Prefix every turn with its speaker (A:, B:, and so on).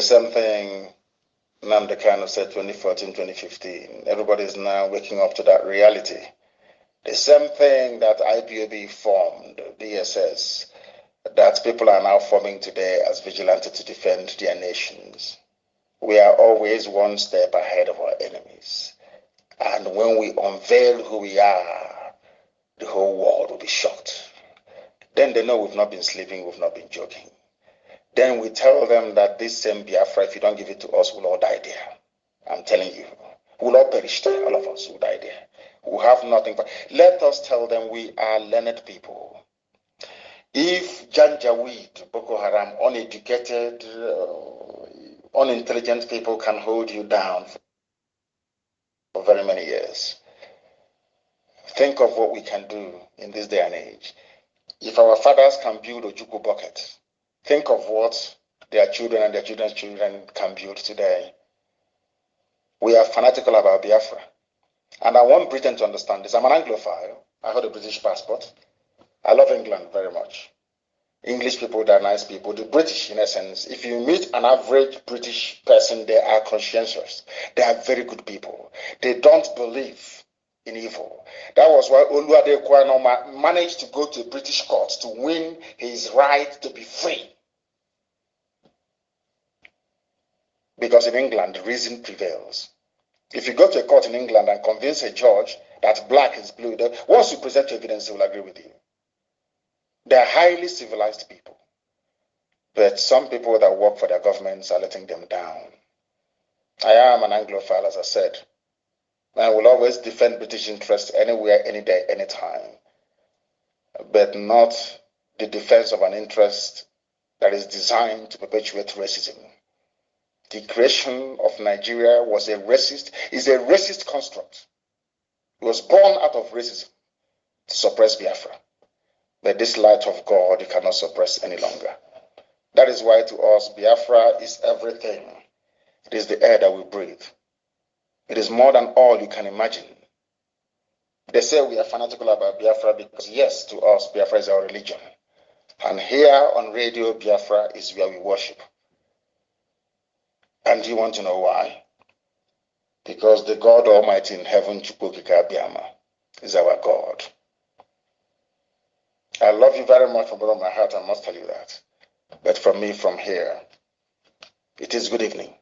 A: The same thing Namde said 2014, 2015. Everybody is now waking up to that reality. The same thing that IPOB formed, DSS, that people are now forming today as vigilantes to defend their nations. We are always one step ahead of our enemies. And when we unveil who we are, the whole world will be shocked. Then they know we've not been sleeping, we've not been joking. Then we tell them that this same Biafra, if you don't give it to us, we'll all die there. I'm telling you, we'll all perish there. All of us will die there. we have nothing. But let us tell them we are learned people. If Janjaweed, Boko Haram, uneducated, uh, unintelligent people can hold you down for very many years, think of what we can do in this day and age. If our fathers can build a Juku bucket, think of what their children and their children's children can build today. We are fanatical about Biafra. And I want Britain to understand this. I'm an Anglophile. I hold a British passport. I love England very much. English people, they're nice people. The British, in essence, if you meet an average British person, they are conscientious. They are very good people. They don't believe in evil. That was why Oluwadekwano managed to go to the British court to win his right to be free Because in England, reason prevails. If you go to a court in England and convince a judge that black is blue, once you present evidence, they will agree with you. They're highly civilized people. But some people that work for their governments are letting them down. I am an Anglophile, as I said. I will always defend British interests anywhere, any day, any time. But not the defense of an interest that is designed to perpetuate racism degradation of Nigeria was a racist, is a racist construct. It was born out of racism to suppress Biafra. But this light of God you cannot suppress any longer. That is why to us, Biafra is everything. It is the air that we breathe. It is more than all you can imagine. They say we are fanatical about Biafra because, yes, to us, Biafra is our religion. And here on Radio Biafra is where we worship. And you want to know why? Because the God Almighty in heaven, Chukwukikabiyama, is our God. I love you very much from bottom of my heart, I must tell you that. But from me, from here, it is good evening.